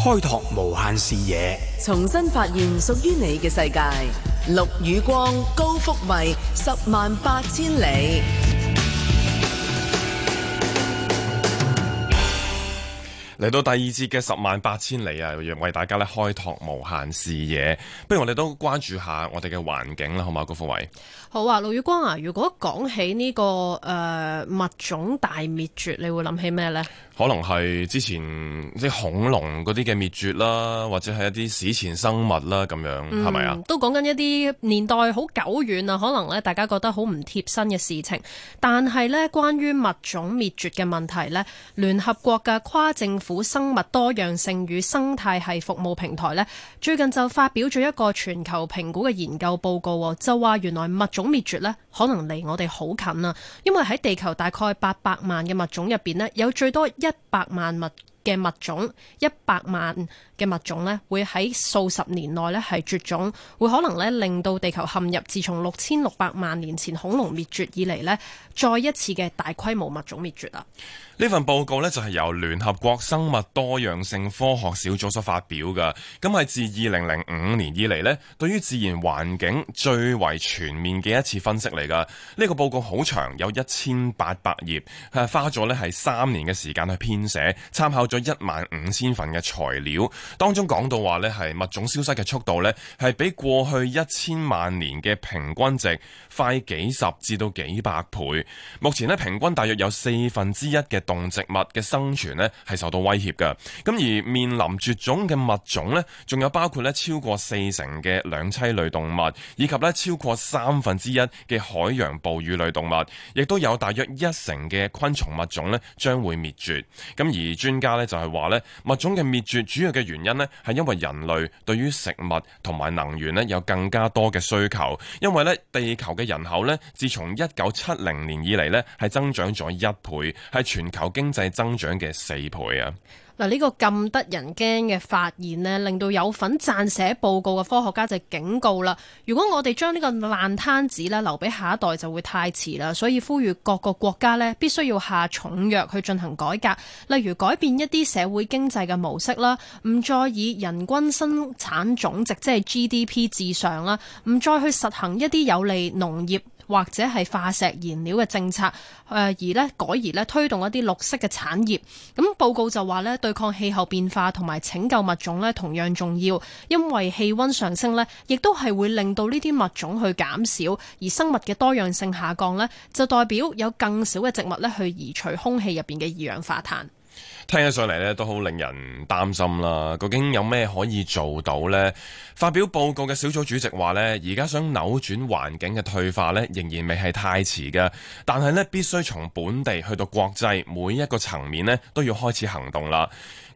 開拓無限視野，重新發現屬於你嘅世界。陸宇光、高福偉，十萬八千里。嚟到第二節嘅十萬八千里啊，為大家咧開拓無限視野。不如我哋都關注下我哋嘅環境啦，好嘛？高福偉，好啊，陸宇光啊，如果講起呢個誒物種大滅絕，你會諗起咩呢？可能係之前啲恐龍嗰啲嘅滅絕啦，或者係一啲史前生物啦咁樣，係咪啊？是是都講緊一啲年代好久遠啊，可能咧大家覺得好唔貼身嘅事情，但係呢，關於物種滅絕嘅問題呢，聯合國嘅跨政府生物多樣性與生態系服務平台呢，最近就發表咗一個全球評估嘅研究報告，就話原來物種滅絕呢。可能離我哋好近啊，因為喺地球大概八百萬嘅物種入邊咧，有最多一百萬物嘅物種，一百萬，嘅物種咧，會喺數十年內咧係絕種，會可能咧令到地球陷入自從六千六百萬年前恐龍滅絕以嚟咧再一次嘅大規模物種滅絕啊！呢份報告咧就係由聯合國生物多樣性科學小組所，所發表噶，咁係自二零零五年以嚟咧，對於自然環境最為全面嘅一次分析嚟噶。呢、呢個報告好長，有一千八百頁，係花咗咧係三年嘅時間去編寫，參考咗一萬五千份嘅材料。當中講到話呢係物種消失嘅速度呢，係比過去一千萬年嘅平均值快幾十至到幾百倍。目前呢，平均大約有四分之一嘅動植物嘅生存呢係受到威脅嘅。咁而面臨絕種嘅物種呢，仲有包括呢超過四成嘅兩棲類動物，以及呢超過三分之一嘅海洋哺乳類動物，亦都有大約一成嘅昆蟲物種呢將會滅絕。咁而專家呢，就係話呢物種嘅滅絕主要嘅原原因呢係因為人類對於食物同埋能源呢有更加多嘅需求，因為呢地球嘅人口呢，自從一九七零年以嚟呢係增長咗一倍，係全球經濟增長嘅四倍啊。嗱，呢個咁得人驚嘅發現呢，令到有份撰寫報告嘅科學家就警告啦。如果我哋將呢個爛攤子呢留俾下一代，就會太遲啦。所以呼籲各個國家呢，必須要下重藥去進行改革，例如改變一啲社會經濟嘅模式啦，唔再以人均生產總值即係 GDP 至上啦，唔再去實行一啲有利農業，或者係化石燃料嘅政策，誒、呃、而咧改而咧推動一啲綠色嘅產業。咁、嗯、報告就話咧，對抗氣候變化同埋拯救物種咧同樣重要，因為氣温上升咧，亦都係會令到呢啲物種去減少，而生物嘅多樣性下降咧，就代表有更少嘅植物咧去移除空氣入邊嘅二氧化碳。聽起上嚟咧，都好令人擔心啦。究竟有咩可以做到呢？發表報告嘅小組主席話呢，而家想扭轉環境嘅退化呢，仍然未係太遲噶。但係呢，必須從本地去到國際每一個層面呢，都要開始行動啦。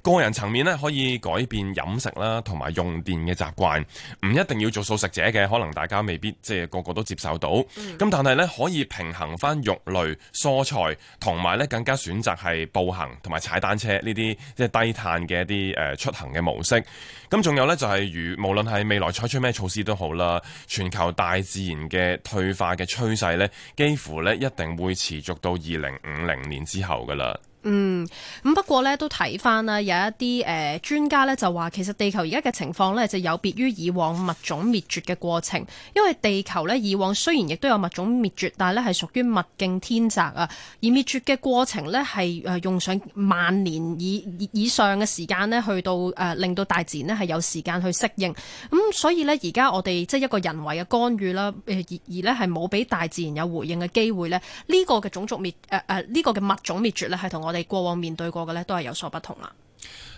個人層面咧，可以改變飲食啦，同埋用電嘅習慣，唔一定要做素食者嘅，可能大家未必即係個個都接受到。咁、嗯、但係咧，可以平衡返肉類、蔬菜，同埋咧更加選擇係步行同埋踩單車呢啲即係低碳嘅一啲誒出行嘅模式。咁仲有咧就係如無論係未來採取咩措施都好啦，全球大自然嘅退化嘅趨勢咧，幾乎咧一定會持續到二零五零年之後㗎喇。嗯，咁不過呢都睇翻啦，有一啲誒、呃、專家呢就話，其實地球而家嘅情況呢就有別於以往物種滅絕嘅過程，因為地球呢，以往雖然亦都有物種滅絕，但係呢係屬於物競天擇啊，而滅絕嘅過程呢，係誒用上萬年以以上嘅時間呢去到誒、呃、令到大自然呢係有時間去適應，咁、嗯、所以呢，而家我哋即係一個人為嘅干預啦、呃，而而呢係冇俾大自然有回應嘅機會呢，呢、這個嘅種族滅誒誒呢個嘅物種滅絕呢，係同我。我哋過往面對過嘅呢都係有所不同啦。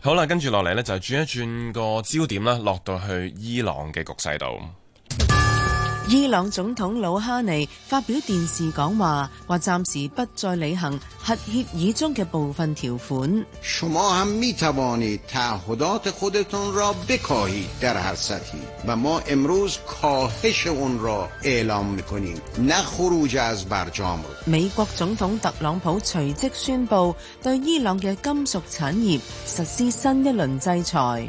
好啦，跟住落嚟呢就轉一轉個焦點啦，落到去伊朗嘅局勢度。伊朗總統魯哈尼發表電視講話，話暫時不再履行核協議中嘅部分條款。我們未打算對他們的行動作出反應，但我們今天宣布，不退出軍事協議。美國總統特朗普隨即宣布對伊朗嘅金屬產業實施新一輪制裁。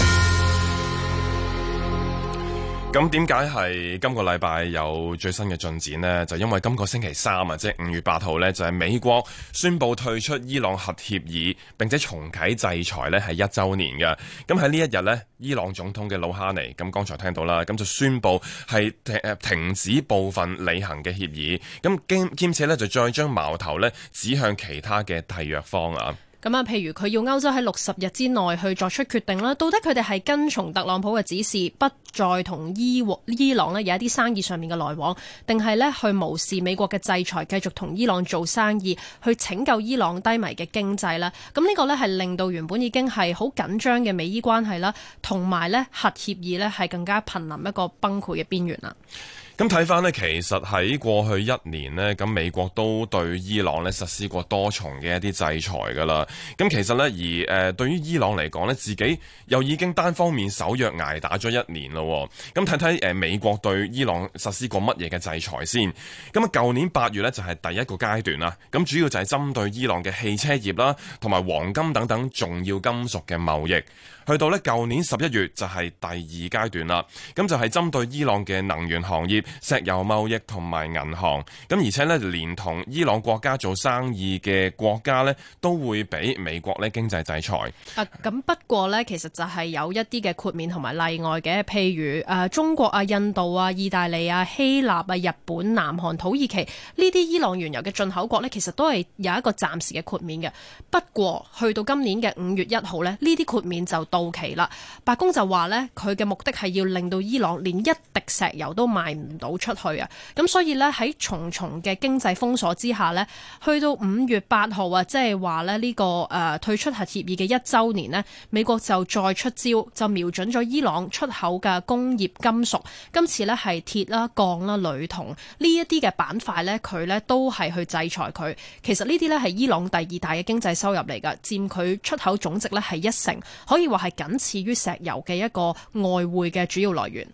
咁點解係今個禮拜有最新嘅進展呢？就因為今個星期三啊，即係五月八號呢，就係、是、美國宣布退出伊朗核協議，並且重啟制裁呢係一周年嘅。咁喺呢一日呢，伊朗總統嘅魯哈尼咁剛才聽到啦，咁就宣布係停止部分履行嘅協議。咁兼兼且呢，就再將矛頭咧指向其他嘅締約方啊。咁啊，譬如佢要歐洲喺六十日之內去作出決定啦，到底佢哋係跟從特朗普嘅指示，不再同伊伊朗呢有一啲生意上面嘅來往，定係呢去無視美國嘅制裁，繼續同伊朗做生意，去拯救伊朗低迷嘅經濟呢？咁、這、呢個呢，係令到原本已經係好緊張嘅美伊關係啦，同埋呢核協議呢，係更加瀕臨一個崩潰嘅邊緣啦。咁睇翻呢，其實喺過去一年呢，咁美國都對伊朗呢實施過多重嘅一啲制裁噶啦。咁其實呢，而誒、呃、對於伊朗嚟講呢，自己又已經單方面守約捱打咗一年咯。咁睇睇誒美國對伊朗實施過乜嘢嘅制裁先。咁、嗯、啊，舊年八月呢，就係第一個階段啦。咁主要就係針對伊朗嘅汽車業啦，同埋黃金等等重要金屬嘅貿易。去到呢舊年十一月就係第二階段啦，咁就係針對伊朗嘅能源行業、石油貿易同埋銀行，咁而且呢，連同伊朗國家做生意嘅國家呢，都會俾美國呢經濟制裁。啊，咁不過呢，其實就係有一啲嘅豁免同埋例外嘅，譬如誒、呃、中國啊、印度啊、意大利啊、希臘啊、日本、南韓、土耳其呢啲伊朗原油嘅進口國呢，其實都係有一個暫時嘅豁免嘅。不過去到今年嘅五月一號呢，呢啲豁免就到期啦，白宮就話咧，佢嘅目的係要令到伊朗連一滴石油都賣唔到出去啊！咁所以咧，喺重重嘅經濟封鎖之下咧，去到五月八號啊，即係話咧呢個誒、呃、退出核協議嘅一周年咧，美國就再出招，就瞄準咗伊朗出口嘅工業金屬。今次咧係鐵啦、鋼啦、鋁銅呢一啲嘅板塊咧，佢咧都係去制裁佢。其實呢啲咧係伊朗第二大嘅經濟收入嚟噶，佔佢出口總值咧係一成，可以話。係僅次於石油嘅一個外匯嘅主要來源。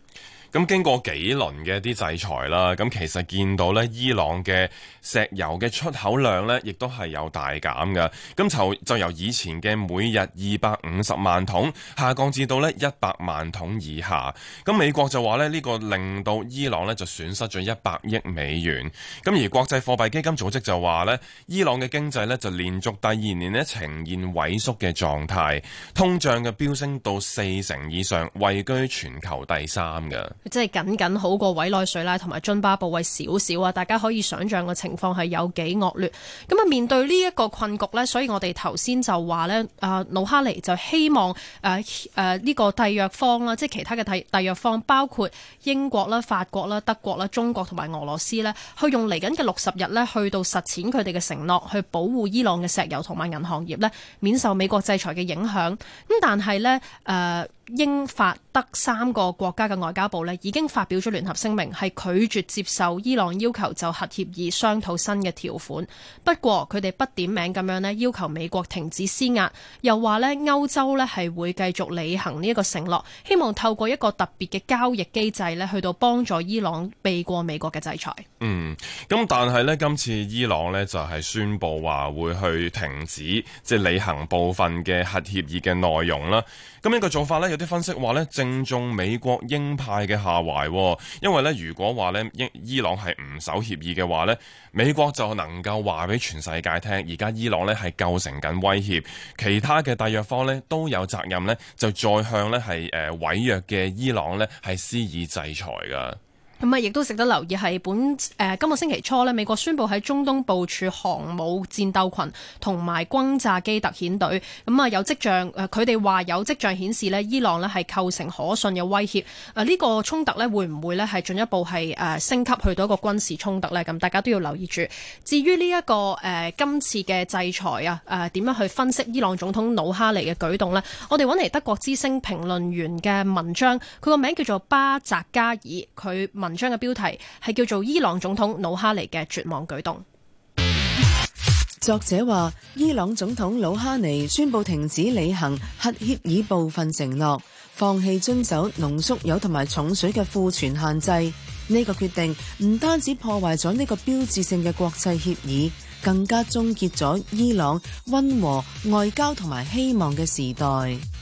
咁經過幾輪嘅一啲制裁啦，咁其實見到呢伊朗嘅石油嘅出口量呢，亦都係有大減嘅。咁就就由以前嘅每日二百五十萬桶下降至到呢一百萬桶以下。咁美國就話呢，呢個令到伊朗呢就損失咗一百億美元。咁而國際貨幣基金組織就話呢，伊朗嘅經濟呢就連續第二年呢呈現萎縮嘅狀態，通脹嘅飆升到四成以上，位居全球第三嘅。即係僅僅好過委內瑞拉同埋津巴布韋少少啊！大家可以想象個情況係有幾惡劣。咁啊面對呢一個困局呢，所以我哋頭先就話呢，啊、呃，魯哈尼就希望誒誒呢個締約方啦，即係其他嘅締約方，包括英國啦、法國啦、德國啦、中國同埋俄羅斯呢，去用嚟緊嘅六十日呢，去到實踐佢哋嘅承諾，去保護伊朗嘅石油同埋銀行業呢，免受美國制裁嘅影響。咁但係呢，誒、呃，英法德三個國家嘅外交部呢已經發表咗聯合聲明，係拒絕接受伊朗要求就核協議商討新嘅條款。不過佢哋不點名咁樣呢，要求美國停止施壓，又話呢歐洲呢係會繼續履行呢一個承諾，希望透過一個特別嘅交易機制呢，去到幫助伊朗避過美國嘅制裁。嗯，咁但係呢，今次伊朗呢就係、是、宣布話會去停止即係履行部分嘅核協議嘅內容啦。咁呢個做法呢，有啲分析話呢，正中美國鷹派嘅下懷。哦，因為呢，如果話呢，伊伊朗係唔守協議嘅話呢，美國就能夠話俾全世界聽，而家伊朗呢係構成緊威脅，其他嘅締約方呢都有責任呢，就再向呢係誒違約嘅伊朗呢係施以制裁噶。咁啊，亦都值得留意係本誒、呃、今個星期初咧，美國宣布喺中東部署航母戰鬥群同埋轟炸機特遣隊。咁、呃、啊，有跡象誒，佢哋話有迹象顯示咧，伊朗咧係構成可信嘅威脅啊，呢、呃這個衝突咧會唔會咧係進一步係誒、呃、升級去到一個軍事衝突咧？咁大家都要留意住。至於呢、這、一個誒、呃，今次嘅制裁啊，誒、呃、點樣去分析伊朗總統魯哈尼嘅舉動咧？我哋揾嚟德國之聲評論員嘅文章，佢個名叫做巴澤加爾，佢。文章嘅標題係叫做伊《伊朗總統魯哈尼嘅絕望舉動》。作者話：伊朗總統魯哈尼宣布停止履行核協議部分承諾，放棄遵守濃縮鈾同埋重水嘅庫存限制。呢、呢個決定唔單止破壞咗呢個標誌性嘅國際協議，更加終結咗伊朗溫和外交同埋希望嘅時代。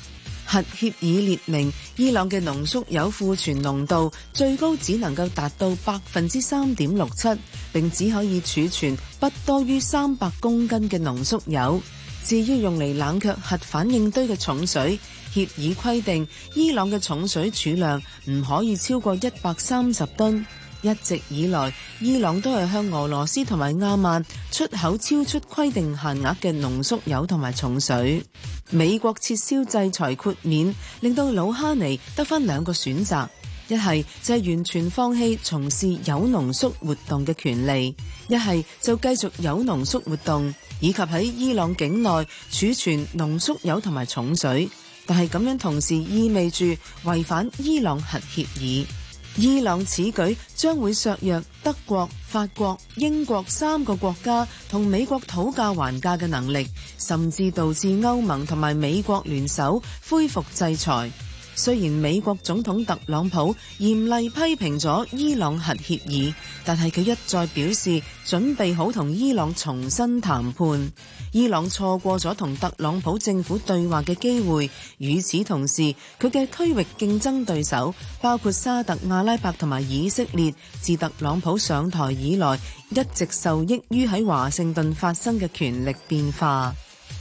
核協議列明，伊朗嘅濃縮鈾庫存濃度最高只能夠達到百分之三點六七，並只可以儲存不多於三百公斤嘅濃縮鈾。至於用嚟冷卻核反應堆嘅重水，協議規定，伊朗嘅重水儲量唔可以超過一百三十噸。一直以來，伊朗都係向俄羅斯同埋亞曼出口超出規定限額嘅濃縮鈾同埋重水。美國撤銷制裁豁免，令到魯哈尼得返兩個選擇：一係就係完全放棄從事鈾濃縮活動嘅權利；一係就繼續鈾濃縮活動，以及喺伊朗境內儲存濃縮鈾同埋重水。但係咁樣同時意味住違反伊朗核協議。伊朗此舉將會削弱德國、法國、英國三個國家同美國討價還價嘅能力，甚至導致歐盟同埋美國聯手恢復制裁。雖然美國總統特朗普嚴厲批評咗伊朗核協議，但係佢一再表示準備好同伊朗重新談判。伊朗錯過咗同特朗普政府對話嘅機會，與此同時，佢嘅區域競爭對手包括沙特阿拉伯同埋以色列，自特朗普上台以來一直受益於喺華盛頓發生嘅權力變化。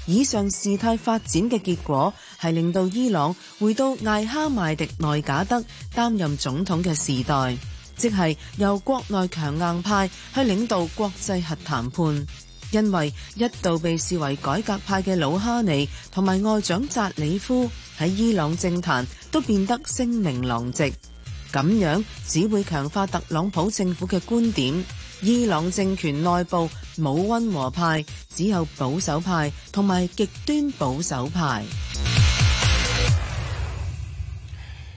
以上事態發展嘅結果，係令到伊朗回到艾哈邁迪內賈德擔任總統嘅時代，即係由國內強硬派去領導國際核談判。因為一度被視為改革派嘅魯哈尼同埋外長扎里夫喺伊朗政壇都變得聲名狼藉，咁樣只會強化特朗普政府嘅觀點。伊朗政權內部冇溫和派，只有保守派同埋極端保守派。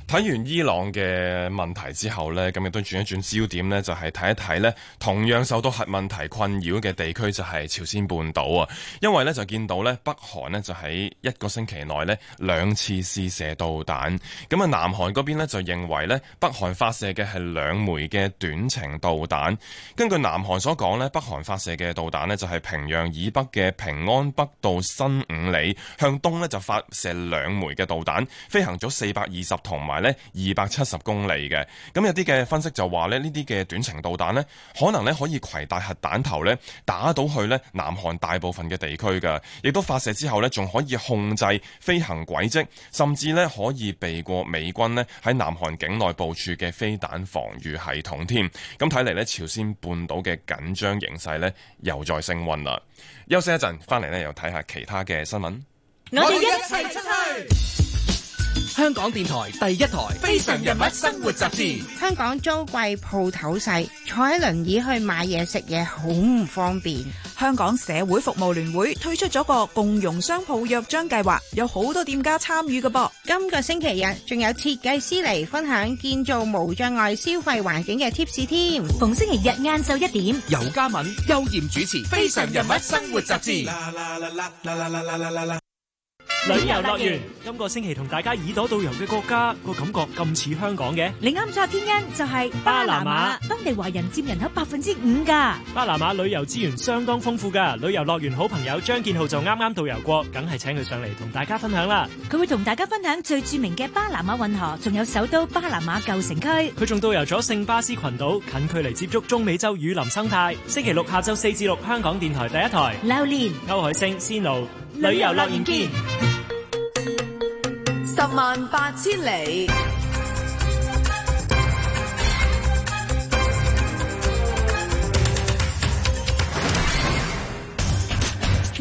睇完伊朗嘅問題之後咧，咁亦都轉一轉焦點咧，就係睇一睇咧，同樣受到核問題困擾嘅地區就係朝鮮半島啊。因為咧就見到咧，北韓咧就喺一個星期內咧兩次試射導彈，咁啊，南韓嗰邊咧就認為咧，北韓發射嘅係兩枚嘅短程導彈，根據南韓所講咧，北韓發射嘅導彈咧就係平壤以北嘅平安北道新五里向東咧就發射兩枚嘅導彈飛行咗四百二十同埋。咧二百七十公里嘅。咁有啲嘅分析就話呢，呢啲嘅短程導彈呢，可能呢可以攜帶核彈頭呢，打到去呢南韓大部分嘅地區㗎，亦都發射之後呢，仲可以控制飛行軌跡，甚至呢可以避過美軍呢喺南韓境內部署嘅飛彈防禦系統添。咁睇嚟呢，朝鮮半島嘅緊張形勢呢，又再升溫啦。休息一陣，翻嚟呢，又睇下其他嘅新聞。我哋一齊出去。香港電台第一台《非常人物生活雜誌》。香港租貴鋪頭細，坐喺輪椅去買嘢食嘢好唔方便。香港社會服務聯會推出咗個共融商鋪約章計劃，有好多店家參與㗎噃。今個星期日仲有設計師嚟分享建造無障礙消費環境嘅 tips 添。逢星期日晏晝一點，尤嘉敏、邱艷主持《非常人物生活雜誌》。旅遊樂園今個星期同大家耳朵導遊嘅國家個感覺咁似香港嘅，你啱咗天恩就係、是、巴拿馬，當地華人佔人口百分之五噶。巴拿馬旅遊資源相當豐富噶，旅遊樂園好朋友張建浩就啱啱導遊過，梗係請佢上嚟同大家分享啦。佢會同大家分享最著名嘅巴拿馬運河，仲有首都巴拿馬舊城區。佢仲導遊咗聖巴斯群島，近距離接觸中美洲雨林生態。星期六下晝四至六，香港電台第一台，榴蓮年、歐海星、仙奴旅遊樂園見。 十萬八千里。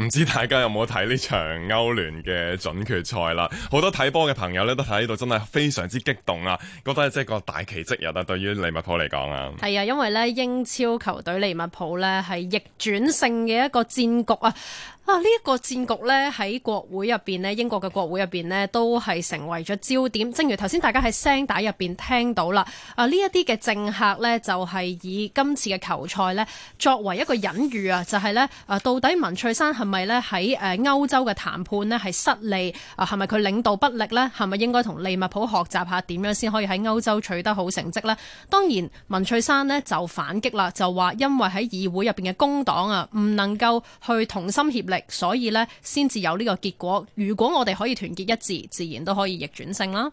唔知大家有冇睇呢場歐聯嘅準決賽啦？好多睇波嘅朋友咧，都喺度，真係非常之激動啊！覺得即係個大奇跡啊，對於利物浦嚟講啊，係啊，因為咧英超球隊利物浦咧係逆轉勝嘅一個戰局啊！啊，呢、這、一個戰局咧喺國會入邊咧，英國嘅國會入邊咧都係成為咗焦點。正如頭先大家喺聲帶入邊聽到啦，啊呢一啲嘅政客咧就係、是、以今次嘅球賽咧作為一個隱喻、就是、啊，就係咧啊到底文翠珊係咪咧喺誒歐洲嘅談判咧係失利？啊，係咪佢領導不力咧？係咪應該同利物浦學習下點樣先可以喺歐洲取得好成績呢？當然，文翠珊呢就反擊啦，就話因為喺議會入邊嘅工黨啊，唔能夠去同心協力，所以呢先至有呢個結果。如果我哋可以團結一致，自然都可以逆轉勝啦。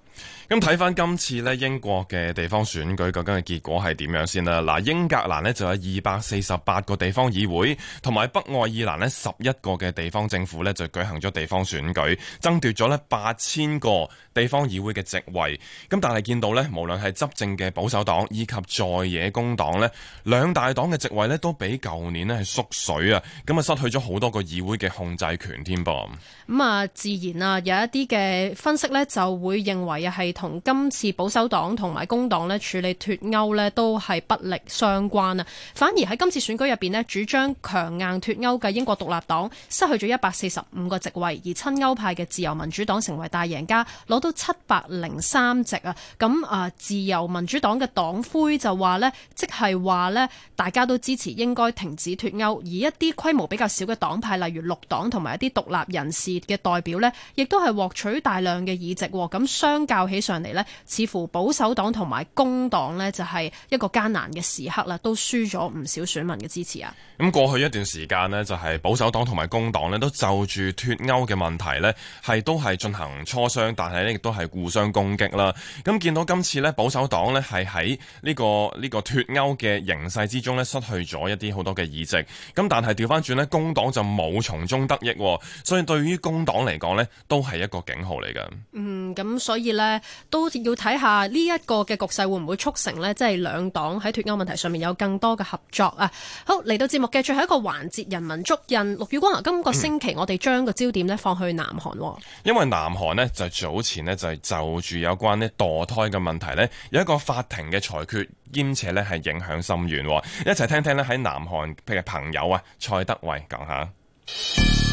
咁睇返今次呢英國嘅地方選舉究竟嘅結果係點樣先啦？嗱，英格蘭呢就有二百四十八個地方議會，同埋北愛爾蘭呢十一個嘅地方政府咧就舉行咗地方選舉，爭奪咗咧八千個地方議會嘅席位。咁但係見到咧，無論係執政嘅保守黨以及在野工黨咧，兩大黨嘅席位咧都比舊年咧係縮水啊！咁啊，失去咗好多個議會嘅控制權添噃。咁啊，自然啊，有一啲嘅分析咧，就會認為啊，係，同今次保守黨同埋工黨咧處理脫歐咧都係不力相關啊。反而喺今次選舉入邊咧，主張強硬脫歐嘅英國獨立黨失去咗一百四十五個席位，而親歐派嘅自由民主黨成為大贏家，攞到七百零三席啊。咁啊，自由民主黨嘅黨魁就話咧，即係話咧，大家都支持應該停止脫歐，而一啲規模比較少嘅黨派，例如綠黨同埋一啲獨立人士嘅代表呢亦都係獲取大量嘅議席，咁相較起上嚟呢，似乎保守黨同埋工黨呢就係一個艱難嘅時刻啦，都輸咗唔少選民嘅支持啊。咁過去一段時間呢，就係保守黨同埋工黨呢都就住脫歐嘅問題呢，係都係進行磋商，但係呢亦都係互相攻擊啦。咁見到今次呢，保守黨呢係喺呢個呢個脫歐嘅形勢之中呢失去咗一啲好多嘅議席，咁但係調翻轉呢，工黨就冇從中得益，所以對於工。工黨嚟講呢都係一個警號嚟噶。嗯，咁所以呢，都要睇下呢一個嘅局勢會唔會促成呢，即係兩黨喺脫歐問題上面有更多嘅合作啊。好，嚟到節目嘅最後一個環節，人文足印。陸宇光啊，今個星期我哋將個焦點呢放去南韓，因為南韓呢就早前呢，就係就住有關呢墮胎嘅問題呢，有一個法庭嘅裁決，兼且呢係影響深遠。一齊聽聽呢喺南韓嘅朋友啊，蔡德蕙講下。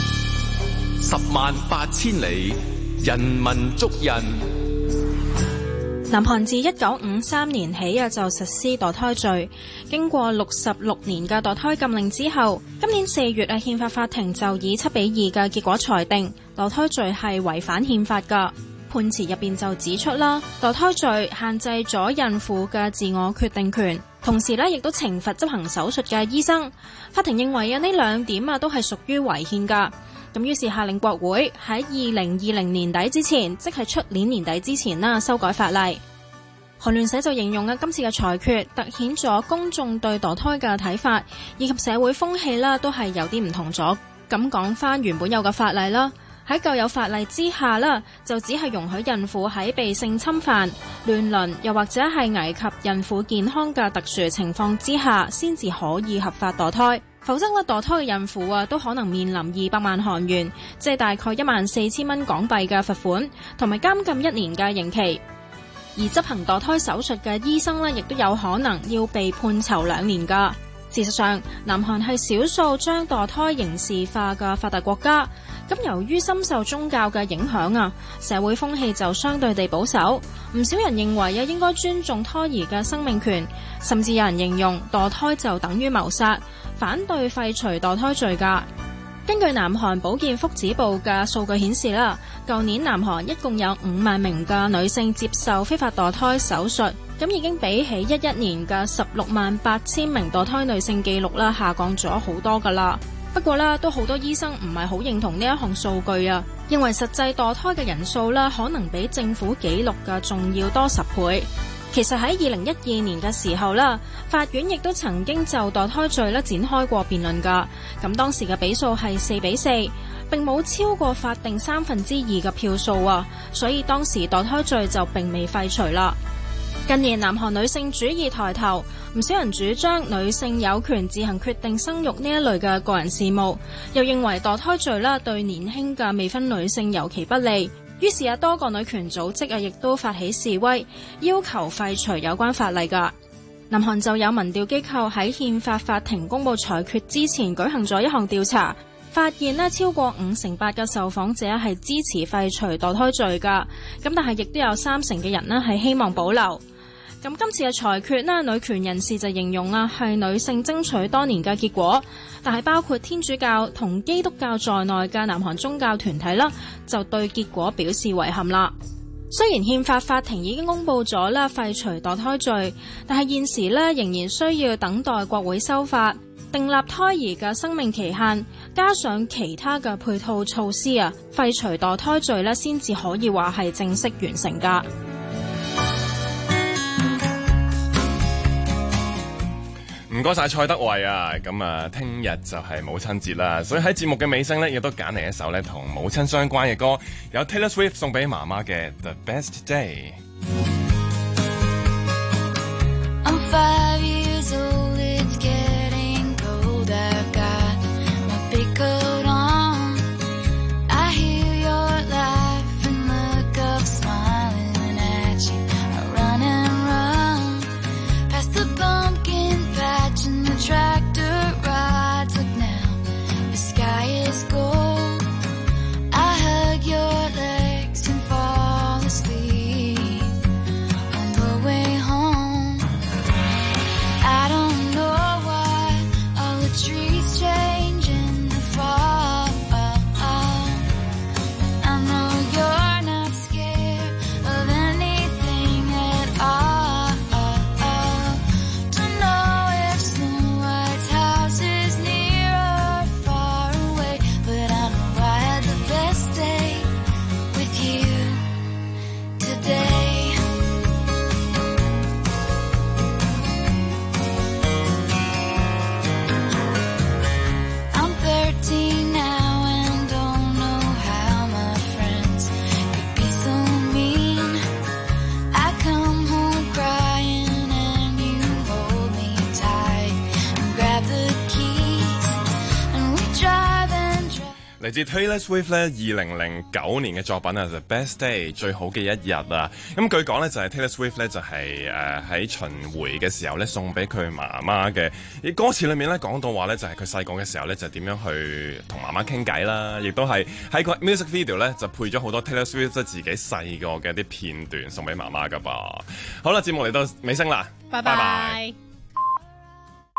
十萬八千里，人文足印。南韓自一九五三年起啊，就實施墮胎罪。經過六十六年嘅墮胎禁令之後，今年四月啊，憲法法庭就以七比二嘅結果裁定墮胎罪係違反憲法嘅。判詞入邊就指出啦，墮胎罪限制咗孕婦嘅自我決定權，同時咧亦都懲罰執行手術嘅醫生。法庭認為啊，呢兩點啊都係屬於違憲噶。咁於是下令國會喺二零二零年底之前，即係出年年底之前啦，修改法例。韓聯社就形容啊，今次嘅裁決突顯咗公眾對墮胎嘅睇法，以及社會風氣啦，都係有啲唔同咗。咁講翻原本有嘅法例啦。喺舊有法例之下呢就只係容許孕婦喺被性侵犯、亂倫又或者係危及孕婦健康嘅特殊情況之下，先至可以合法墮胎。否則呢，墮胎嘅孕婦啊，都可能面臨二百萬韓元，即係大概一萬四千蚊港幣嘅罰款，同埋監禁一年嘅刑期。而執行墮胎手術嘅醫生呢，亦都有可能要被判囚兩年㗎。事實上，南韓係少數將墮胎刑事化嘅發達國家。咁由於深受宗教嘅影響啊，社會風氣就相對地保守。唔少人認為又應該尊重胎兒嘅生命權，甚至有人形容墮胎就等於謀殺，反對廢除墮胎罪嘅。根據南韓保健福祉部嘅數據顯示啦，舊年南韓一共有五萬名嘅女性接受非法墮胎手術。咁已經比起一一年嘅十六萬八千名墮胎女性記錄啦，下降咗好多噶啦。不過咧，都好多醫生唔係好認同呢一項數據啊，認為實際墮胎嘅人數咧可能比政府記錄嘅仲要多十倍。其實喺二零一二年嘅時候啦，法院亦都曾經就墮胎罪咧展開過辯論噶。咁當時嘅比數係四比四，並冇超過法定三分之二嘅票數啊，所以當時墮胎罪就並未廢除啦。近年南韓女性主義抬頭，唔少人主張女性有權自行決定生育呢一類嘅個人事務，又認為墮胎罪啦對年輕嘅未婚女性尤其不利。於是有多個女權組織啊，亦都發起示威，要求廢除有關法例。噶南韓就有民調機構喺憲法法庭公布裁決之前舉行咗一項調查，發現咧超過五成八嘅受訪者係支持廢除墮胎罪噶，咁但係亦都有三成嘅人咧係希望保留。咁今次嘅裁決呢，女權人士就形容啦係女性爭取多年嘅結果，但係包括天主教同基督教在內嘅南韓宗教團體啦，就對結果表示遺憾啦。雖然憲法法庭已經公布咗啦廢除墮胎罪，但係現時咧仍然需要等待國會修法定立胎兒嘅生命期限，加上其他嘅配套措施啊，廢除墮胎罪咧先至可以話係正式完成㗎。唔該晒蔡德蕙啊，咁啊，聽日就係母親節啦，所以喺節目嘅尾聲咧，亦都揀嚟一首咧，同母親相關嘅歌，有 Taylor Swift 送俾媽媽嘅《The Best Day》。嚟自 Taylor Swift 咧，二零零九年嘅作品啊，就 The Best Day 最好嘅一日啊。咁據講咧就係 Taylor Swift 咧就係誒喺巡迴嘅時候咧送俾佢媽媽嘅。而歌詞裏面咧講到話咧就係佢細個嘅時候咧就點樣去同媽媽傾偈啦，亦都係喺個 music video 咧就配咗好多 Taylor Swift 即係自己細個嘅一啲片段送俾媽媽嘅噃。好啦，節目嚟到尾聲啦，拜拜。